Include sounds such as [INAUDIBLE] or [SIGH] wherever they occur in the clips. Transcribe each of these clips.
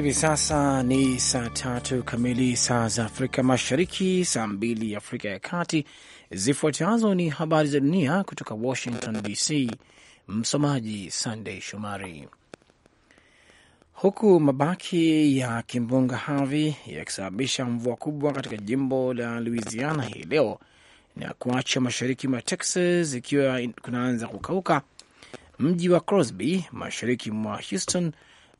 Hivi sasa ni saa tatu kamili saa za Afrika Mashariki, saa mbili Afrika ya Kati. Zifuatazo ni habari za dunia kutoka Washington DC. Msomaji Sandey Shomari. Huku mabaki ya kimbunga Harvey yakisababisha mvua kubwa katika jimbo la Louisiana hii leo na kuacha mashariki mwa Texas ikiwa kunaanza kukauka, mji wa Crosby mashariki mwa Houston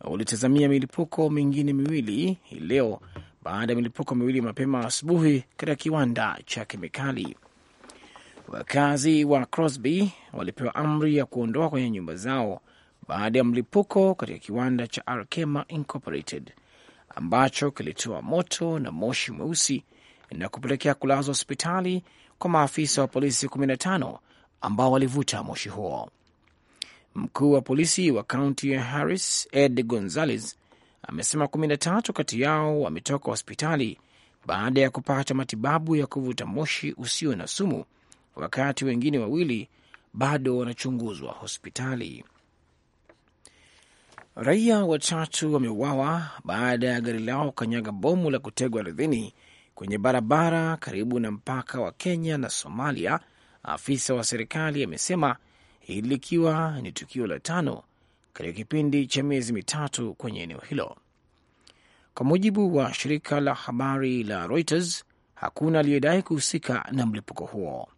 ulitazamia milipuko mingine miwili hii leo baada ya milipuko miwili mapema asubuhi katika kiwanda cha kemikali. Wakazi wa Crosby walipewa amri ya kuondoka kwenye nyumba zao baada ya mlipuko katika kiwanda cha Arkema Incorporated ambacho kilitoa moto na moshi mweusi na kupelekea kulazwa hospitali kwa maafisa wa polisi 15 ambao walivuta moshi huo. Mkuu wa polisi wa kaunti ya Harris, Ed Gonzalez, amesema kumi na tatu kati yao wametoka hospitali baada ya kupata matibabu ya kuvuta moshi usio na sumu, wakati wengine wawili bado wanachunguzwa hospitali. Raia watatu wameuawa baada ya gari lao kukanyaga bomu la kutegwa ardhini kwenye barabara karibu na mpaka wa Kenya na Somalia, afisa wa serikali amesema hili likiwa ni tukio la tano katika kipindi cha miezi mitatu kwenye eneo hilo. Kwa mujibu wa shirika la habari la Reuters, hakuna aliyedai kuhusika na mlipuko huo.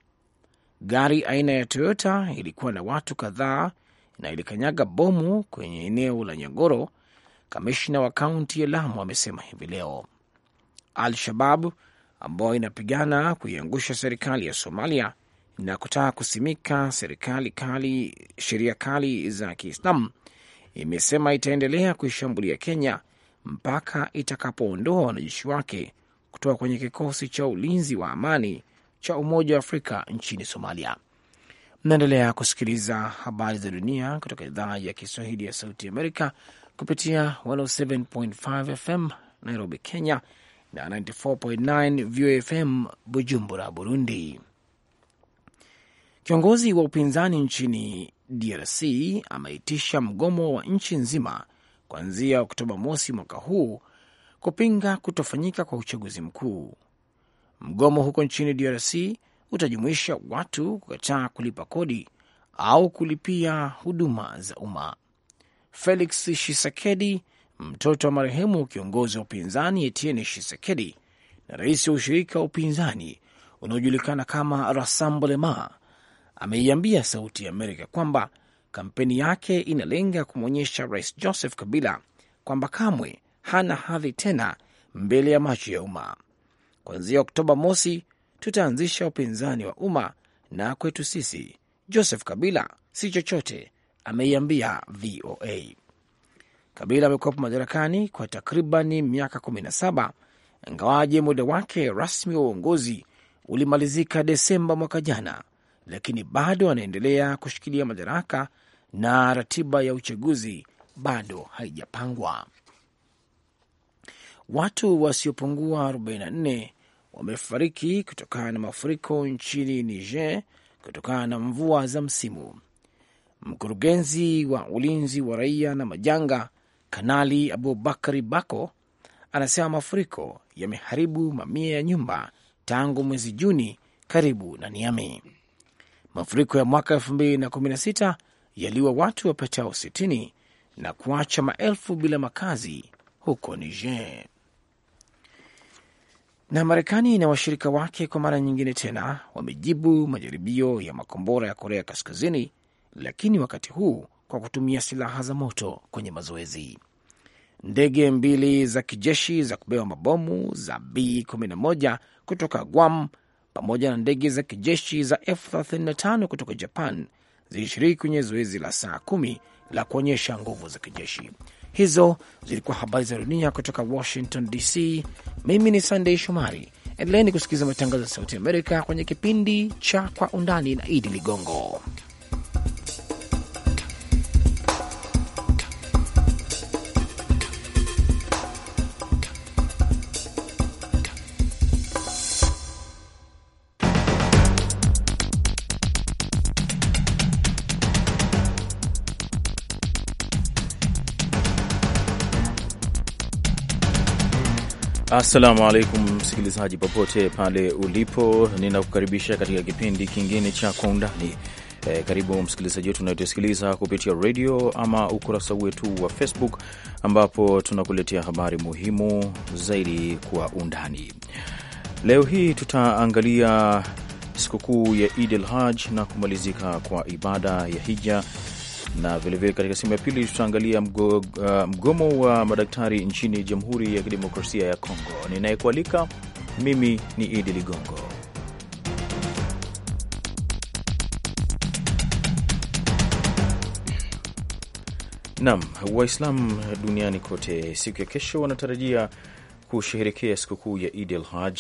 Gari aina ya Toyota ilikuwa na watu kadhaa na ilikanyaga bomu kwenye eneo la Nyangoro. Kamishna wa kaunti ya Lamu amesema hivi leo. Al Shabab ambayo inapigana kuiangusha serikali ya Somalia na kutaka kusimika serikali kali, sheria kali za Kiislamu, imesema itaendelea kuishambulia Kenya mpaka itakapoondoa wanajeshi wake kutoka kwenye kikosi cha ulinzi wa amani cha Umoja wa Afrika nchini Somalia. Mnaendelea kusikiliza habari za dunia kutoka idhaa ya Kiswahili ya Sauti Amerika kupitia 107.5 FM Nairobi, Kenya na 94.9 VFM Bujumbura, Burundi. Kiongozi wa upinzani nchini DRC ameitisha mgomo wa nchi nzima kuanzia Oktoba mosi mwaka huu kupinga kutofanyika kwa uchaguzi mkuu. Mgomo huko nchini DRC utajumuisha watu kukataa kulipa kodi au kulipia huduma za umma. Felix shisekedi mtoto wa marehemu kiongozi wa upinzani Etienne Shisekedi na rais wa ushirika wa upinzani unaojulikana kama Rassemblement ameiambia Sauti ya Amerika kwamba kampeni yake inalenga kumwonyesha Rais Joseph Kabila kwamba kamwe hana hadhi tena mbele ya macho ya umma. Kuanzia Oktoba mosi, tutaanzisha upinzani wa umma na kwetu sisi Joseph Kabila si chochote, ameiambia VOA. Kabila amekuwepo madarakani kwa takribani miaka 17 ingawaje muda wake rasmi wa uongozi ulimalizika Desemba mwaka jana lakini bado anaendelea kushikilia madaraka na ratiba ya uchaguzi bado haijapangwa. Watu wasiopungua 44 wamefariki kutokana na mafuriko nchini Niger kutokana na mvua za msimu. Mkurugenzi wa ulinzi wa raia na majanga Kanali Abubakari Bako anasema mafuriko yameharibu mamia ya nyumba tangu mwezi Juni karibu na Niamey. Mafuriko ya mwaka 2016 yaliwa watu wapatao 60 na kuacha maelfu bila makazi huko Niger. Na Marekani na washirika wake kwa mara nyingine tena wamejibu majaribio ya makombora ya Korea Kaskazini, lakini wakati huu kwa kutumia silaha za moto kwenye mazoezi. Ndege mbili za kijeshi za kubeba mabomu za B11 kutoka Guam pamoja na ndege za kijeshi za F35 kutoka Japan zilishiriki kwenye zoezi la saa kumi la kuonyesha nguvu za kijeshi. Hizo zilikuwa habari za dunia kutoka Washington DC. Mimi ni Sandey Shomari. Endeleeni kusikiliza matangazo ya Sauti Amerika kwenye kipindi cha Kwa Undani na Idi Ligongo. Assalamu alaikum msikilizaji, popote pale ulipo, ninakukaribisha katika kipindi kingine cha Kwa Undani. E, karibu msikilizaji wetu unayetusikiliza kupitia redio ama ukurasa wetu wa Facebook ambapo tunakuletea habari muhimu zaidi kwa undani. Leo hii tutaangalia sikukuu ya Eid al na kumalizika kwa ibada ya hija na vilevile katika sehemu ya pili tutaangalia mgo, uh, mgomo wa madaktari nchini Jamhuri ya Kidemokrasia ya Kongo. Ninayekualika mimi ni Idi Ligongo. nam waislam duniani kote siku ya kesho wanatarajia kusherehekea sikukuu ya Idi al Haj,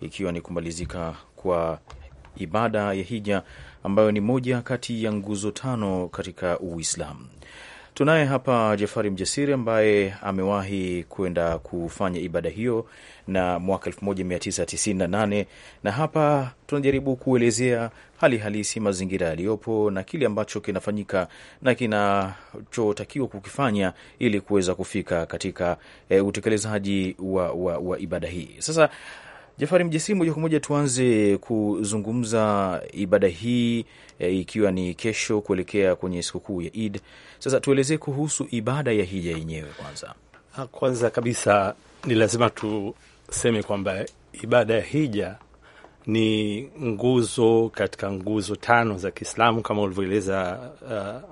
ikiwa ni kumalizika kwa ibada ya hija ambayo ni moja kati ya nguzo tano katika Uislamu. Tunaye hapa Jafari Mjasiri ambaye amewahi kwenda kufanya ibada hiyo na mwaka 1998 na hapa tunajaribu kuelezea hali halisi, mazingira yaliyopo na kile ambacho kinafanyika na kinachotakiwa kukifanya ili kuweza kufika katika e, utekelezaji wa, wa, wa ibada hii. Sasa Jafari Mjasiri, moja kwa moja tuanze kuzungumza ibada hii e, ikiwa ni kesho kuelekea kwenye sikukuu ya Id. Sasa tuelezee kuhusu ibada ya hija yenyewe kwanza. Kwanza kabisa ni lazima tuseme kwamba ibada ya hija ni nguzo katika nguzo tano za Kiislamu kama ulivyoeleza uh,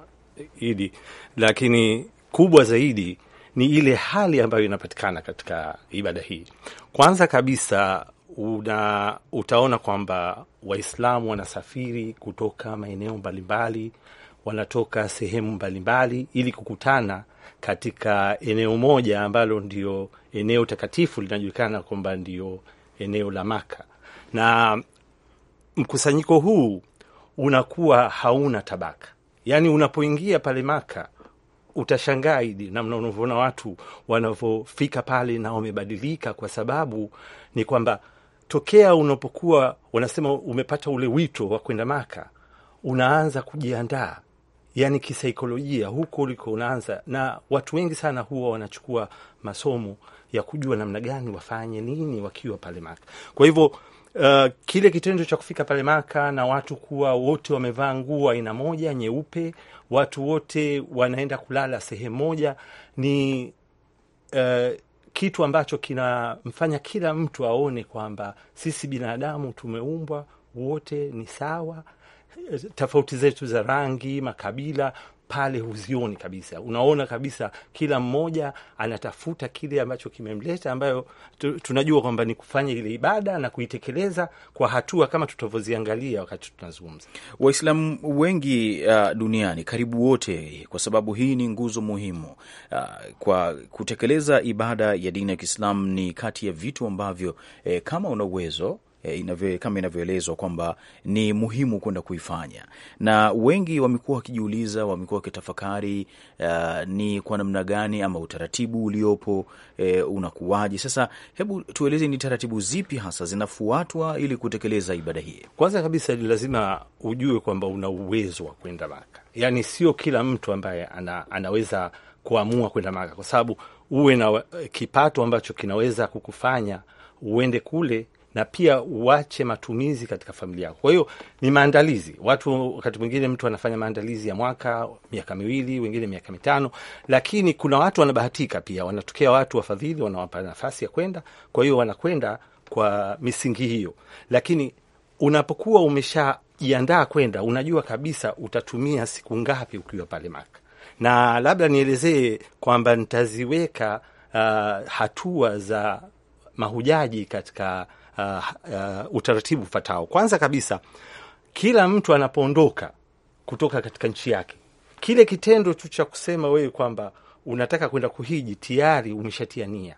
Idi, lakini kubwa zaidi ni ile hali ambayo inapatikana katika ibada hii. Kwanza kabisa una, utaona kwamba Waislamu wanasafiri kutoka maeneo mbalimbali, wanatoka sehemu mbalimbali ili kukutana katika eneo moja ambalo ndio eneo takatifu linajulikana kwamba ndio eneo la Maka, na mkusanyiko huu unakuwa hauna tabaka, yaani unapoingia pale Maka utashangaa Idi namna unavyoona watu wanavyofika pale na wamebadilika, kwa sababu ni kwamba tokea unapokuwa wanasema umepata ule wito wa kwenda Maka, unaanza kujiandaa yani kisaikolojia huko uliko unaanza, na watu wengi sana huwa wanachukua masomo ya kujua namna gani wafanye nini wakiwa pale Maka. Kwa hivyo Uh, kile kitendo cha kufika pale Maka na watu kuwa wote wamevaa nguo aina moja nyeupe, watu wote wanaenda kulala sehemu moja, ni uh, kitu ambacho kinamfanya kila mtu aone kwamba sisi binadamu tumeumbwa wote ni sawa, uh, tofauti zetu za rangi, makabila, pale huzioni kabisa. Unaona kabisa kila mmoja anatafuta kile ambacho kimemleta, ambayo tunajua kwamba ni kufanya ile ibada na kuitekeleza kwa hatua kama tutavyoziangalia wakati tunazungumza. Waislamu wengi uh, duniani karibu wote, kwa sababu hii ni nguzo muhimu uh, kwa kutekeleza ibada ya dini ya Kiislamu, ni kati ya vitu ambavyo eh, kama una uwezo e, inavyo, kama inavyoelezwa kwamba ni muhimu kwenda kuifanya, na wengi wamekuwa wakijiuliza, wamekuwa wakitafakari uh, ni kwa namna gani ama utaratibu uliopo e, unakuwaje? Sasa hebu tueleze ni taratibu zipi hasa zinafuatwa ili kutekeleza ibada hii. Kwanza kabisa ni lazima ujue kwamba una uwezo wa kwenda Maka, yaani sio kila mtu ambaye ana, anaweza kuamua kwenda Maka kwa sababu uwe na kipato ambacho kinaweza kukufanya uende kule na pia uache matumizi katika familia yako. Kwa hiyo ni maandalizi. Watu wakati mwingine mtu anafanya maandalizi ya mwaka, miaka miwili, wengine miaka mitano, lakini kuna watu wanabahatika pia, wanatokea watu wafadhili, wanawapa nafasi ya kwenda. Kwa hiyo wanakwenda kwa misingi hiyo, lakini unapokuwa umeshajiandaa kwenda, unajua kabisa utatumia siku ngapi ukiwa pale Maka, na labda nielezee kwamba nitaziweka uh, hatua za mahujaji katika uh, uh, utaratibu ufuatao. Kwanza kabisa, kila mtu anapoondoka kutoka katika nchi yake, kile kitendo tu cha kusema wewe kwamba unataka kwenda kuhiji tayari umeshatia nia,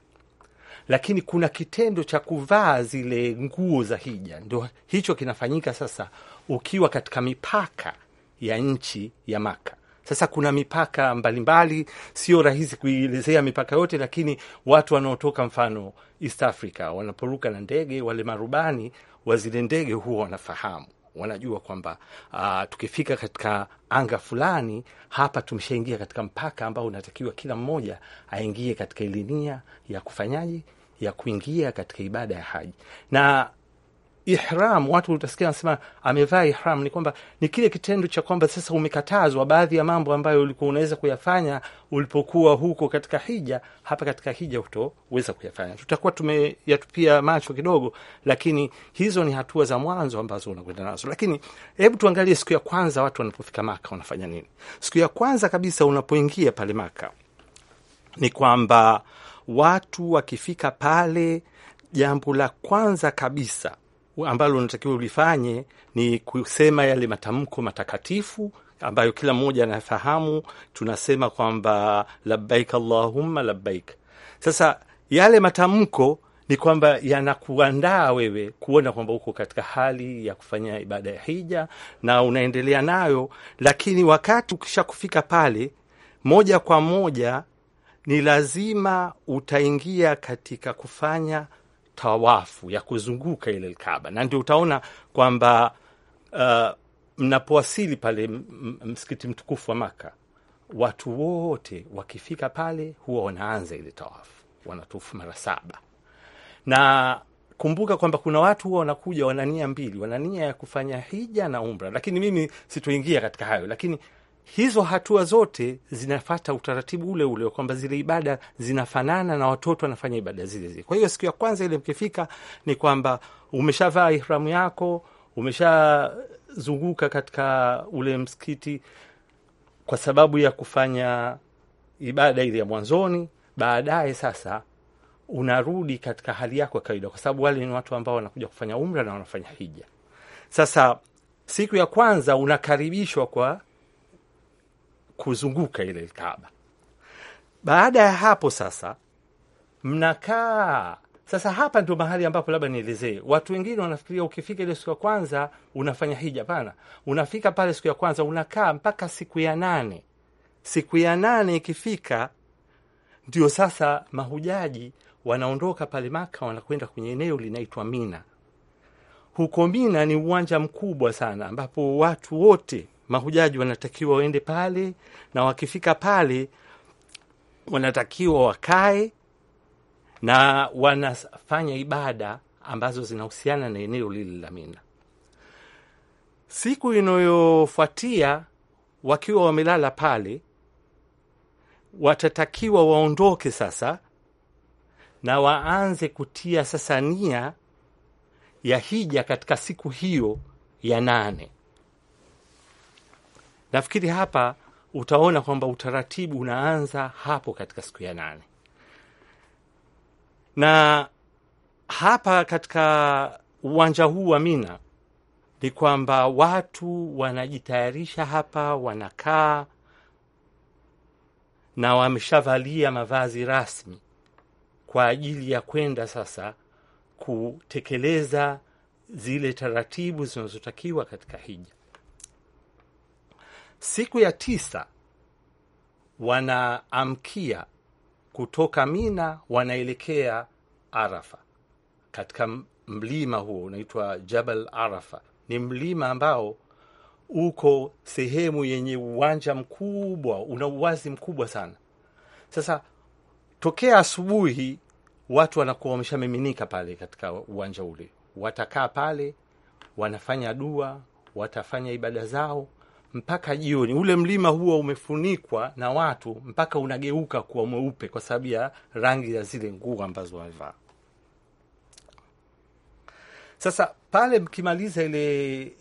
lakini kuna kitendo cha kuvaa zile nguo za hija, ndio hicho kinafanyika sasa ukiwa katika mipaka ya nchi ya Maka. Sasa kuna mipaka mbalimbali, sio rahisi kuielezea mipaka yote, lakini watu wanaotoka mfano East Africa wanaporuka na ndege, wale marubani wa zile ndege huwa wanafahamu, wanajua kwamba uh, tukifika katika anga fulani hapa tumeshaingia katika mpaka ambao unatakiwa kila mmoja aingie katika ilinia ya kufanyaji ya kuingia katika ibada ya haji na ihram, watu utasikia wanasema amevaa ihram, ni kwamba ni kile kitendo cha kwamba sasa umekatazwa baadhi ya mambo ambayo ulikuwa unaweza kuyafanya ulipokuwa huko katika hija. Hapa katika hija utoweza kuyafanya. Tutakuwa tumeyatupia macho kidogo, lakini hizo ni hatua za mwanzo ambazo unakwenda nazo. Lakini hebu tuangalie siku ya kwanza watu wanapofika Maka wanafanya nini? Siku ya kwanza kabisa unapoingia pale Maka ni kwamba watu wakifika pale, jambo la kwanza kabisa ambalo unatakiwa ulifanye ni kusema yale matamko matakatifu ambayo kila mmoja anafahamu. Tunasema kwamba labbaik allahumma labbaik. Sasa yale matamko ni kwamba yanakuandaa wewe kuona kwamba uko katika hali ya kufanya ibada ya hija na unaendelea nayo, lakini wakati ukisha kufika pale, moja kwa moja ni lazima utaingia katika kufanya tawafu ya kuzunguka ile lkaba na ndio utaona kwamba uh, mnapowasili pale msikiti mtukufu wa Maka, watu wote wakifika pale huwa wanaanza ile tawafu, wanatufu mara saba. Na kumbuka kwamba kuna watu huwa wanakuja wana nia mbili, wana nia ya kufanya hija na umra, lakini mimi sitoingia katika hayo, lakini hizo hatua zote zinafata utaratibu ule ule kwamba zile ibada zinafanana na watoto wanafanya ibada zile zile. Kwa hiyo siku ya kwanza ile mkifika, ni kwamba umeshavaa ihramu yako, umeshazunguka katika ule msikiti kwa sababu ya kufanya ibada ile ya mwanzoni. Baadaye sasa unarudi katika hali yako ya kawaida, kwa sababu wale ni watu ambao wanakuja kufanya umra na wanafanya hija. Sasa siku ya kwanza unakaribishwa kwa kuzunguka ile Kaaba. Baada ya hapo sasa mnakaa sasa hapa ndio mahali ambapo labda nielezee. Watu wengine wanafikiria ukifika ile siku ya kwanza unafanya hija. pana unafika pale siku ya kwanza unakaa mpaka siku ya nane. Siku ya nane ikifika, ndio sasa mahujaji wanaondoka pale Maka, wanakwenda kwenye eneo linaitwa Mina. Huko Mina ni uwanja mkubwa sana ambapo watu wote mahujaji wanatakiwa waende pale, na wakifika pale wanatakiwa wakae na wanafanya ibada ambazo zinahusiana na eneo lile la Mina. Siku inayofuatia wakiwa wamelala pale, watatakiwa waondoke sasa na waanze kutia sasa nia ya hija katika siku hiyo ya nane. Nafikiri hapa utaona kwamba utaratibu unaanza hapo katika siku ya nane, na hapa katika uwanja huu wa Mina ni kwamba watu wanajitayarisha hapa, wanakaa na wameshavalia mavazi rasmi kwa ajili ya kwenda sasa kutekeleza zile taratibu zinazotakiwa katika hija. Siku ya tisa wanaamkia kutoka Mina, wanaelekea Arafa katika mlima huo unaitwa Jabal Arafa. Ni mlima ambao uko sehemu yenye uwanja mkubwa, una uwazi mkubwa sana. Sasa tokea asubuhi watu wanakuwa wameshamiminika pale katika uwanja ule, watakaa pale, wanafanya dua, watafanya ibada zao, mpaka jioni. Ule mlima huo umefunikwa na watu mpaka unageuka kuwa mweupe kwa sababu ya rangi ya zile nguo ambazo wamevaa. Sasa pale mkimaliza ile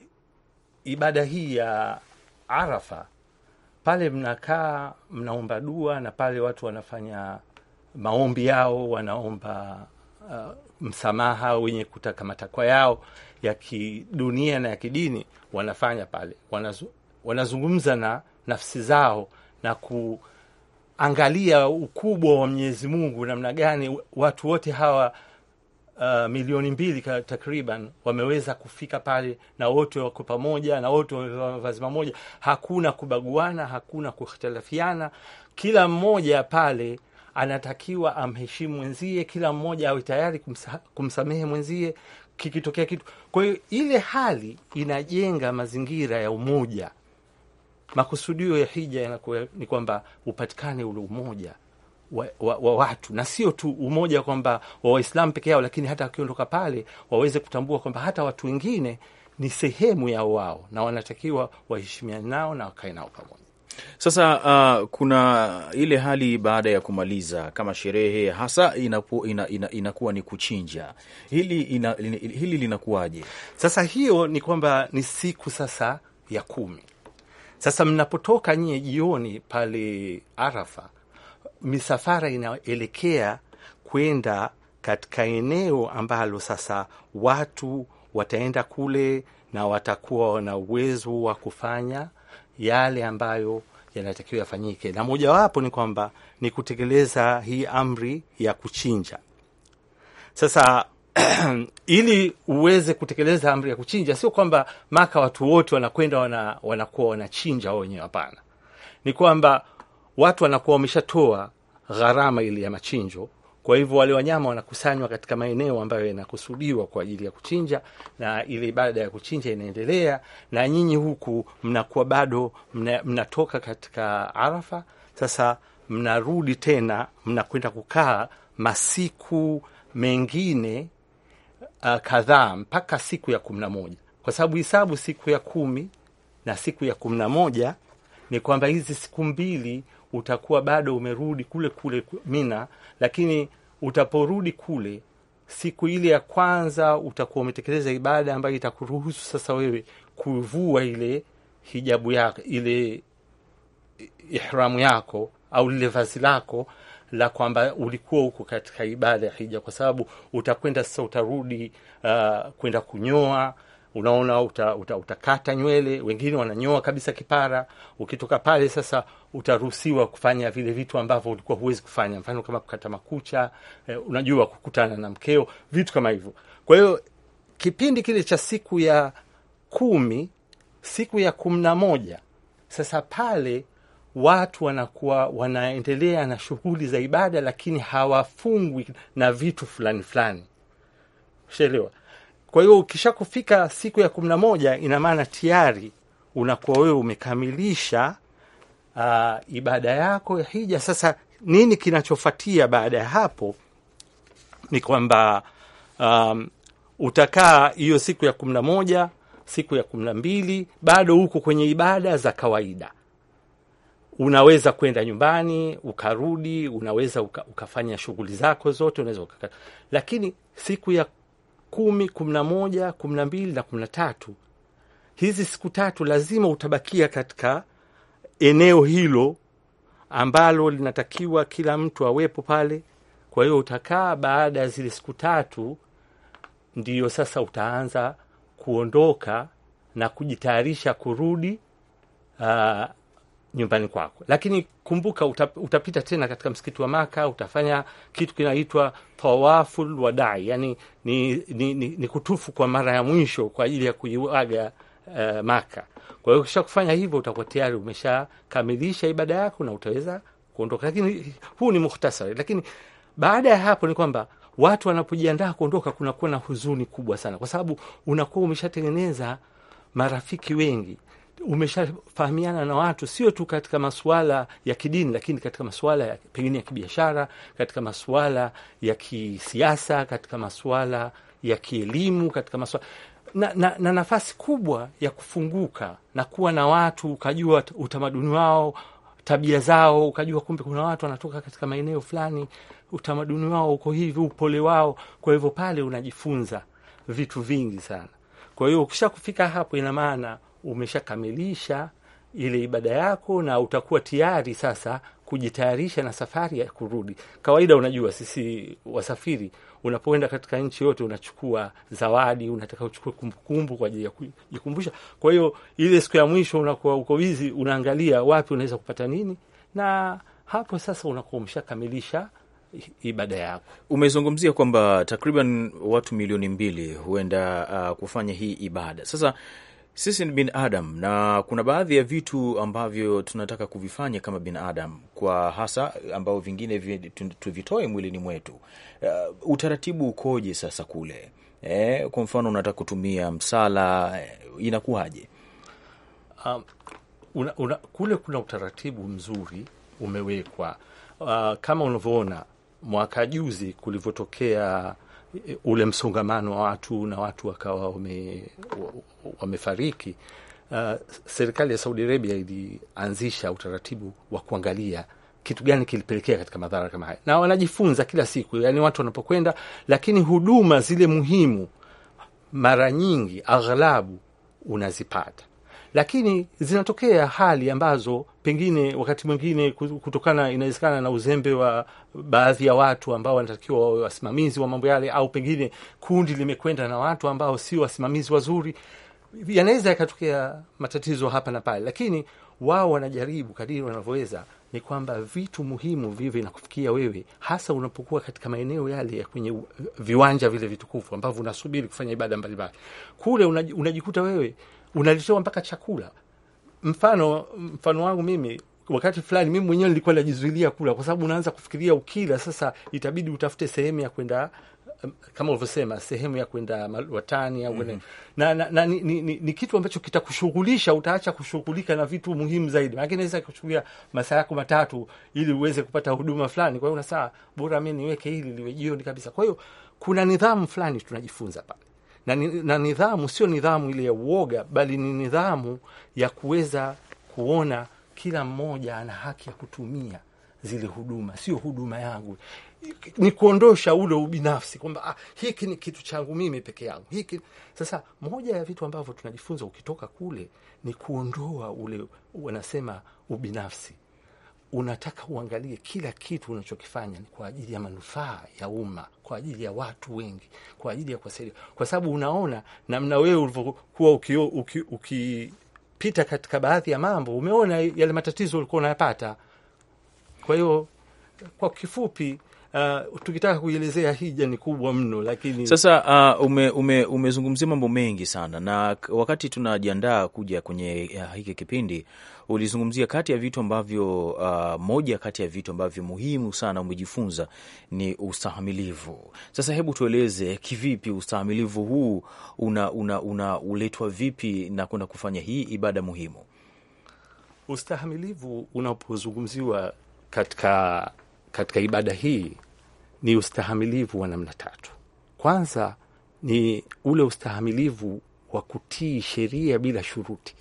ibada hii ya Arafa, pale mnakaa mnaomba dua, na pale watu wanafanya maombi yao, wanaomba uh, msamaha wenye kutaka matakwa yao ya kidunia na ya kidini, wanafanya pale wanazu, wanazungumza na nafsi zao na kuangalia ukubwa wa Mwenyezi Mungu namna gani watu wote hawa Uh, milioni mbili takriban wameweza kufika pale, na wote wako pamoja, na wote wamevaa mavazi mamoja. Hakuna kubaguana, hakuna kuhtalafiana. Kila mmoja pale anatakiwa amheshimu mwenzie, kila mmoja awe tayari kumsa, kumsamehe mwenzie kikitokea kitu. Kwa hiyo ile hali inajenga mazingira ya umoja makusudio ya hija yanakuwa ni kwamba upatikane ule umoja wa, wa, wa watu na sio tu umoja kwamba wa waislam peke yao, lakini hata wakiondoka pale waweze kutambua kwamba hata watu wengine ni sehemu ya wao na wanatakiwa waheshimiane nao na wakae nao pamoja. Sasa uh, kuna ile hali baada ya kumaliza kama sherehe hasa inakuwa ina, ina, inakuwa ni kuchinja. Hili, ina, hili linakuwaje sasa? Hiyo ni kwamba ni siku sasa ya kumi sasa mnapotoka nyie jioni pale Arafa, misafara inaelekea kwenda katika eneo ambalo sasa watu wataenda kule na watakuwa wana uwezo wa kufanya yale ambayo yanatakiwa yafanyike, na mojawapo ni kwamba ni kutekeleza hii amri ya kuchinja. Sasa [CLEARS THROAT] ili uweze kutekeleza amri ya kuchinja, sio kwamba Maka watu wote wanakwenda wana, wanakuwa wanachinja wao wenyewe. Hapana, ni kwamba watu wanakuwa wameshatoa gharama ile ya machinjo. Kwa hivyo wale wanyama wanakusanywa katika maeneo ambayo yanakusudiwa kwa ajili ya kuchinja, na ile ibada ya kuchinja inaendelea, na nyinyi huku mnakuwa bado mna, mnatoka katika Arafa. Sasa mnarudi tena, mnakwenda kukaa masiku mengine uh, kadhaa mpaka siku ya kumi na moja kwa sababu hisabu siku ya kumi na siku ya kumi na moja ni kwamba hizi siku mbili utakuwa bado umerudi kule kule Mina, lakini utaporudi kule siku ile ya kwanza utakuwa umetekeleza ibada ambayo itakuruhusu sasa wewe kuvua ile hijabu yako, ile ihramu yako au lile vazi lako la kwamba ulikuwa huko katika ibada ya hija, kwa sababu utakwenda sasa, utarudi uh, kwenda kunyoa Unaona, uta, uta, utakata nywele. Wengine wananyoa kabisa kipara. Ukitoka pale sasa, utaruhusiwa kufanya vile vitu ambavyo ulikuwa huwezi kufanya, mfano kama kukata makucha eh, unajua, kukutana na mkeo, vitu kama hivyo. Kwa hiyo kipindi kile cha siku ya kumi, siku ya kumi na moja, sasa pale watu wanakuwa wanaendelea na shughuli za ibada, lakini hawafungwi na vitu fulani fulani, shelewa Kwa hiyo ukisha kufika siku ya kumi na moja ina maana tayari unakuwa wewe umekamilisha uh, ibada yako ya hija. Sasa nini kinachofuatia baada ya hapo? Ni kwamba um, utakaa hiyo siku ya kumi na moja siku ya kumi na mbili bado huko kwenye ibada za kawaida unaweza kwenda nyumbani ukarudi, unaweza uka, ukafanya shughuli zako zote unaweza uka, lakini siku ya kumi, kumi na moja, kumi na mbili na kumi na tatu, hizi siku tatu lazima utabakia katika eneo hilo ambalo linatakiwa kila mtu awepo pale. Kwa hiyo utakaa, baada ya zile siku tatu ndiyo sasa utaanza kuondoka na kujitayarisha kurudi aa, nyumbani kwako, lakini kumbuka utapita tena katika msikiti wa Maka, utafanya kitu kinaitwa tawaful wadai, yani ni, ni, ni, ni kutufu kwa mara ya mwisho kwa ajili ya kuiwaga uh, Maka. Kwa hiyo ukisha kufanya hivyo utakuwa tayari umeshakamilisha ibada yako na utaweza kuondoka, lakini huu ni mukhtasari. Lakini baada ya hapo ni kwamba watu wanapojiandaa kuondoka, kunakuwa na huzuni kubwa sana, kwa sababu unakuwa umeshatengeneza marafiki wengi umeshafahamiana na watu sio tu katika masuala ya kidini, lakini katika masuala ya pengine ya kibiashara, katika masuala ya kisiasa, katika masuala ya kielimu, katika masuala na, na, na nafasi kubwa ya kufunguka na kuwa na watu, ukajua utamaduni wao, tabia zao, ukajua kumbe kuna watu wanatoka katika maeneo fulani, utamaduni wao uko hivi, upole wao. Kwa hivyo pale unajifunza vitu vingi sana. Kwa hiyo ukisha kufika hapo, ina maana umeshakamilisha ile ibada yako na utakuwa tayari sasa kujitayarisha na safari ya kurudi. Kawaida unajua sisi wasafiri, unapoenda katika nchi yote unachukua zawadi, unataka uchukue kumbukumbu kwa ajili ya kujikumbusha. Kwa hiyo ile siku ya mwisho unakuwa uko wizi, unaangalia wapi unaweza kupata nini, na hapo sasa unakuwa umeshakamilisha ibada yako. Umezungumzia kwamba takriban watu milioni mbili huenda uh, kufanya hii ibada sasa sisi ni binadam na kuna baadhi ya vitu ambavyo tunataka kuvifanya kama binadam kwa hasa ambao vingine tuvitoe mwilini mwetu. Uh, utaratibu ukoje sasa kule? Eh, kwa mfano unataka kutumia msala eh, inakuwaje? Um, una, una, kule kuna utaratibu mzuri umewekwa. Uh, kama unavyoona mwaka juzi kulivyotokea ule msongamano wa watu na watu wakawa wame, wamefariki. Uh, serikali ya Saudi Arabia ilianzisha utaratibu wa kuangalia kitu gani kilipelekea katika madhara kama haya, na wanajifunza kila siku, yani watu wanapokwenda. Lakini huduma zile muhimu mara nyingi aghalabu unazipata lakini zinatokea hali ambazo pengine wakati mwingine kutokana, inawezekana na uzembe wa baadhi ya watu ambao wanatakiwa wawe wasimamizi wa mambo yale, au pengine kundi limekwenda na watu ambao sio wasimamizi wazuri, yanaweza yakatokea matatizo hapa na pale, lakini wao wanajaribu kadiri wanavyoweza ni kwamba vitu muhimu vivyo vinakufikia wewe, hasa unapokuwa katika maeneo yale ya kwenye viwanja vile vitukufu ambavyo unasubiri kufanya ibada mbalimbali. Kule unajikuta wewe unaletewa mpaka chakula. Mfano, mfano wangu mimi wakati fulani mimi mwenyewe nilikuwa najizuilia kula, kwa sababu unaanza kufikiria ukila sasa, itabidi utafute sehemu ya kwenda kama ulivyosema sehemu ya kwenda watani au mm -hmm. na, na, na, ni, ni, ni ni kitu ambacho kitakushughulisha, utaacha kushughulika na vitu muhimu zaidi, lakini naweza kuchukulia masaa yako matatu ili uweze kupata huduma fulani. Kwa hiyo unasaa bora mi niweke hili liwe jioni kabisa. Kwa hiyo kuna nidhamu fulani tunajifunza pale na, na nidhamu sio nidhamu ile ya uoga, bali ni nidhamu ya kuweza kuona kila mmoja ana haki ya kutumia zile huduma, sio huduma yangu ni kuondosha ule ubinafsi kwamba ah, hiki ni kitu changu mimi peke yangu hiki. Sasa moja ya vitu ambavyo tunajifunza ukitoka kule ni kuondoa ule wanasema ubinafsi, unataka uangalie kila kitu unachokifanya ni kwa ajili ya manufaa ya umma, kwa ajili ya watu wengi, kwa ajili ya kuwasaidia, kwa sababu unaona namna wewe ulivyokuwa ukipita uki, uki, katika baadhi ya mambo, umeona yale matatizo ulikuwa unayapata. Kwa hiyo kwa kifupi uh, tukitaka kuielezea hija ni kubwa mno, lakini sasa uh, ume, ume, umezungumzia mambo mengi sana, na wakati tunajiandaa kuja kwenye uh, hiki kipindi ulizungumzia kati ya vitu ambavyo uh, moja kati ya vitu ambavyo muhimu sana umejifunza ni ustahamilivu. Sasa hebu tueleze kivipi ustahamilivu huu una, una, una uletwa vipi na kwenda kufanya hii ibada muhimu. Ustahamilivu unapozungumziwa katika katika ibada hii ni ustahamilivu wa namna tatu. Kwanza ni ule ustahamilivu wa kutii sheria bila shuruti,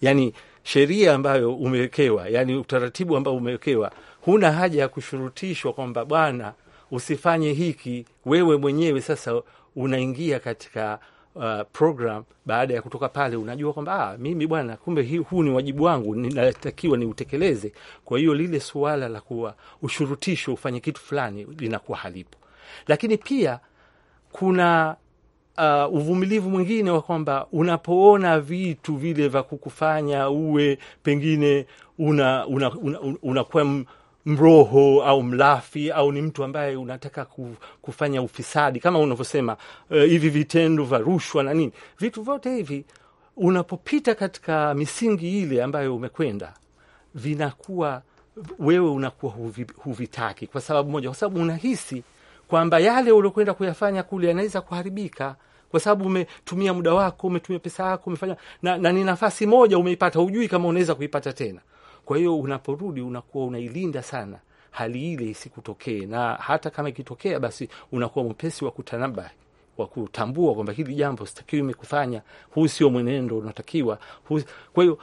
yani sheria ambayo umewekewa, yani utaratibu ambao umewekewa, huna haja ya kushurutishwa kwamba bwana usifanye hiki. Wewe mwenyewe sasa unaingia katika uh, program baada ya kutoka pale, unajua kwamba ah, mimi bwana, kumbe huu ni wajibu wangu, ninatakiwa niutekeleze. Kwa hiyo lile suala la kuwa ushurutisho ufanye kitu fulani linakuwa halipo, lakini pia kuna Uh, uvumilivu mwingine wa kwamba unapoona vitu vile vya kukufanya uwe pengine unakuwa una, una, una mroho au mlafi au ni mtu ambaye unataka kufanya ufisadi kama unavyosema uh, hivi vitendo vya rushwa na nini, vitu vyote hivi unapopita katika misingi ile ambayo umekwenda, vinakuwa wewe unakuwa huvi, huvitaki kwa sababu moja, kwa sababu unahisi kwamba yale uliokwenda kuyafanya kule yanaweza kuharibika kwa sababu umetumia muda wako, umetumia pesa yako, umefanya na, na ni nafasi moja umeipata, hujui kama unaweza kuipata tena. Kwa hiyo unaporudi unakuwa unailinda sana hali ile isikutokee, na hata kama ikitokea, basi unakuwa mwepesi wa kutanabahi wa kutambua kwamba hili jambo sitakiwi imekufanya, huu sio mwenendo unatakiwa. Kwa hiyo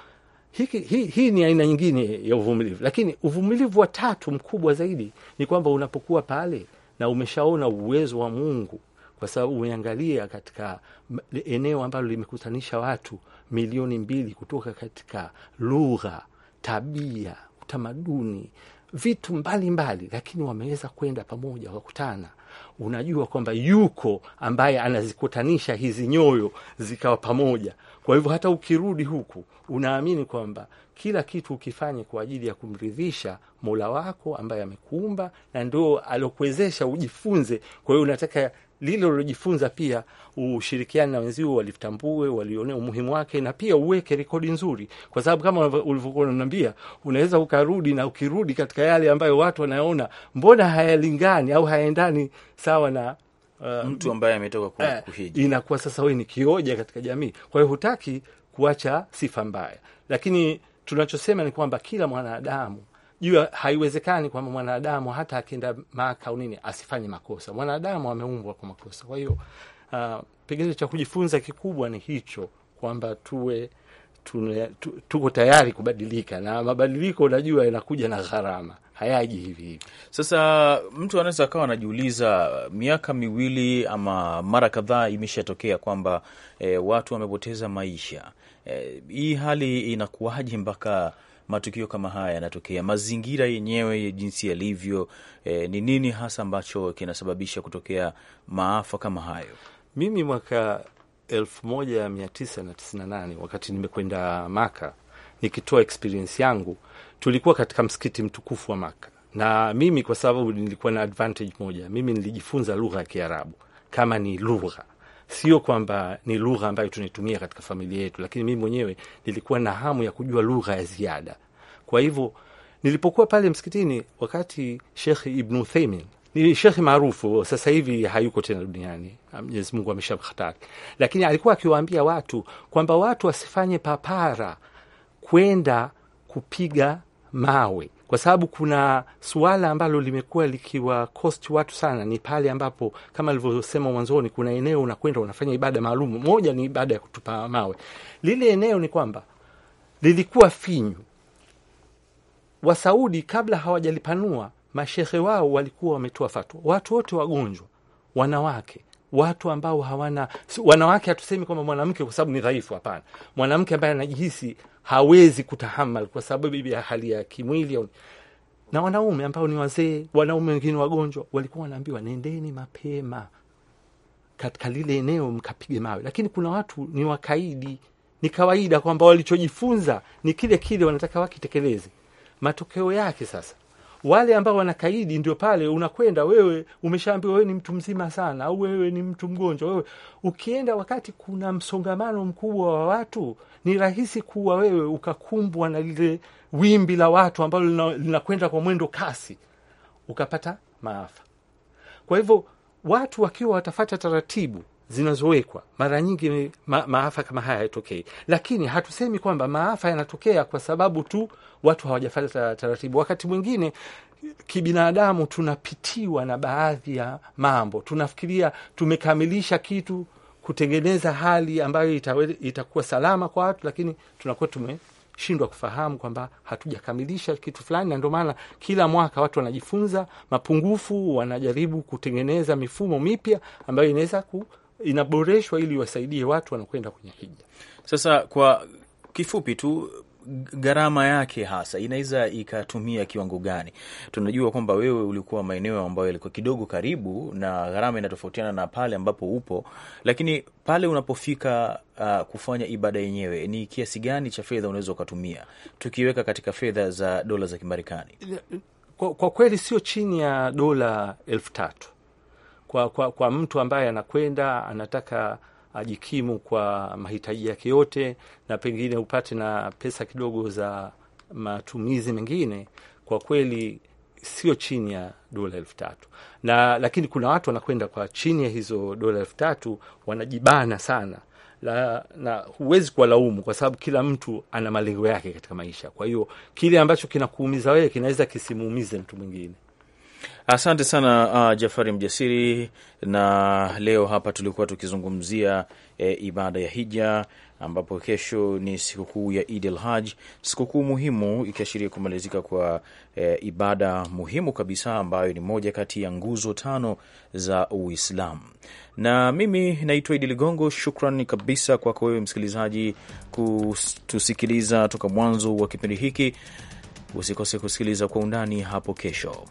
hii hi, hi ni aina nyingine ya uvumilivu. Lakini uvumilivu wa tatu mkubwa zaidi ni kwamba unapokuwa pale na umeshaona uwezo wa Mungu, kwa sababu umeangalia katika eneo ambalo limekutanisha watu milioni mbili kutoka katika lugha tabia, utamaduni, vitu mbalimbali mbali, lakini wameweza kwenda pamoja wakakutana. Unajua kwamba yuko ambaye anazikutanisha hizi nyoyo zikawa pamoja. Kwa hivyo hata ukirudi huku unaamini kwamba kila kitu ukifanye kwa ajili ya kumridhisha Mola wako ambaye amekuumba na ndio alokuwezesha ujifunze. Kwa hiyo unataka lile ulilojifunza pia ushirikiane na wenzio, walitambue, walionea umuhimu wake, na pia uweke rekodi nzuri, kwa sababu kama ulivyokuwa unaniambia, unaweza ukarudi, na ukirudi katika yale ambayo watu wanaona mbona hayalingani au hayaendani sawa na uh, mtu ambaye ametoka eh, kuhiji, inakuwa sasa wewe ni kioja katika jamii. Kwa hiyo hutaki kuacha sifa mbaya, lakini tunachosema ni kwamba kila mwanadamu jua haiwezekani kwamba mwanadamu hata akienda Maka au nini asifanye makosa. Mwanadamu ameumbwa kwa makosa. Kwa hiyo uh, pengine cha kujifunza kikubwa ni hicho kwamba tuwe tune, tu, tuko tayari kubadilika, na mabadiliko unajua yanakuja na gharama, hayaji hivi hivi. Sasa mtu anaweza akawa anajiuliza, miaka miwili ama mara kadhaa imeshatokea kwamba e, watu wamepoteza maisha. E, hii hali inakuwaje mpaka matukio kama haya yanatokea, mazingira yenyewe jinsi yalivyo, eh, ni nini hasa ambacho kinasababisha kutokea maafa kama hayo? Mimi mwaka 1998 wakati nimekwenda Maka nikitoa experience yangu, tulikuwa katika msikiti mtukufu wa Maka na mimi kwa sababu nilikuwa na advantage moja, mimi nilijifunza lugha ya Kiarabu kama ni lugha sio kwamba ni lugha ambayo tunaitumia katika familia yetu, lakini mimi mwenyewe nilikuwa na hamu ya kujua lugha ya ziada. Kwa hivyo nilipokuwa pale msikitini, wakati Shekh Ibn Utheimin ni shekhi maarufu, sasa hivi hayuko tena duniani, Mwenyezi Mungu ameshamkhatari, lakini alikuwa akiwaambia watu kwamba watu wasifanye papara kwenda kupiga mawe kwa sababu kuna suala ambalo limekuwa likiwakosti watu sana, ni pale ambapo kama alivyosema mwanzoni, kuna eneo unakwenda unafanya ibada maalum. Moja ni ibada ya kutupa mawe. Lile eneo ni kwamba lilikuwa finyu. Wasaudi kabla hawajalipanua, mashehe wao walikuwa wametoa fatwa, watu wote wagonjwa, wanawake watu ambao hawana wanawake. Hatusemi kwamba mwanamke kwa sababu ni dhaifu, hapana. Mwanamke ambaye anajihisi hawezi kutahamal kwa sababu ya hali ya kimwili au na wanaume ambao ni wazee, wanaume wengine wagonjwa, walikuwa wanaambiwa nendeni mapema katika lile eneo mkapige mawe, lakini kuna watu ni wakaidi. Ni kawaida kwamba walichojifunza ni kile kile, wanataka wakitekeleze. Matokeo yake sasa wale ambao wanakaidi ndio pale unakwenda wewe, umeshaambiwa wewe ni mtu mzima sana, au wewe ni mtu mgonjwa. Wewe ukienda wakati kuna msongamano mkubwa wa watu, ni rahisi kuwa wewe ukakumbwa na lile wimbi la watu ambalo linakwenda kwa mwendo kasi, ukapata maafa. Kwa hivyo watu wakiwa watafata taratibu zinazowekwa mara nyingi ma, maafa kama haya hayatokei, lakini hatusemi kwamba maafa yanatokea kwa sababu tu watu hawajafata taratibu. Wakati mwingine kibinadamu tunapitiwa na baadhi ya mambo, tunafikiria tumekamilisha kitu kutengeneza hali ambayo itawe, itakuwa salama kwa watu, lakini tunakuwa tumeshindwa kufahamu kwamba hatujakamilisha kitu fulani, na ndio maana kila mwaka watu wanajifunza mapungufu, wanajaribu kutengeneza mifumo mipya ambayo inaweza ku inaboreshwa ili wasaidie watu wanakwenda kwenye hija. Sasa kwa kifupi tu gharama yake hasa inaweza ikatumia kiwango gani? Tunajua kwamba wewe ulikuwa maeneo ambayo yalikuwa kidogo karibu, na gharama inatofautiana na pale ambapo upo, lakini pale unapofika uh, kufanya ibada yenyewe ni kiasi gani cha fedha unaweza ukatumia, tukiweka katika fedha za dola za Kimarekani? Kwa, kwa kweli sio chini ya dola elfu tatu kwa, kwa, kwa mtu ambaye anakwenda anataka ajikimu kwa mahitaji yake yote, na pengine upate na pesa kidogo za matumizi mengine, kwa kweli sio chini ya dola elfu tatu na lakini kuna watu wanakwenda kwa chini ya hizo dola elfu tatu wanajibana sana la, na huwezi kuwalaumu kwa sababu kila mtu ana malengo yake katika maisha. Kwa hiyo kile ambacho kinakuumiza wewe kinaweza kisimuumize mtu mwingine. Asante sana uh, Jafari Mjasiri. Na leo hapa tulikuwa tukizungumzia e, ibada ya hija, ambapo kesho ni sikukuu ya id el Haj, sikukuu muhimu ikiashiria kumalizika kwa e, ibada muhimu kabisa ambayo ni moja kati ya nguzo tano za Uislamu. Na mimi naitwa Idi Ligongo. Shukran kabisa kwako wewe msikilizaji kutusikiliza toka mwanzo wa kipindi hiki. Usikose kusikiliza kwa undani hapo kesho.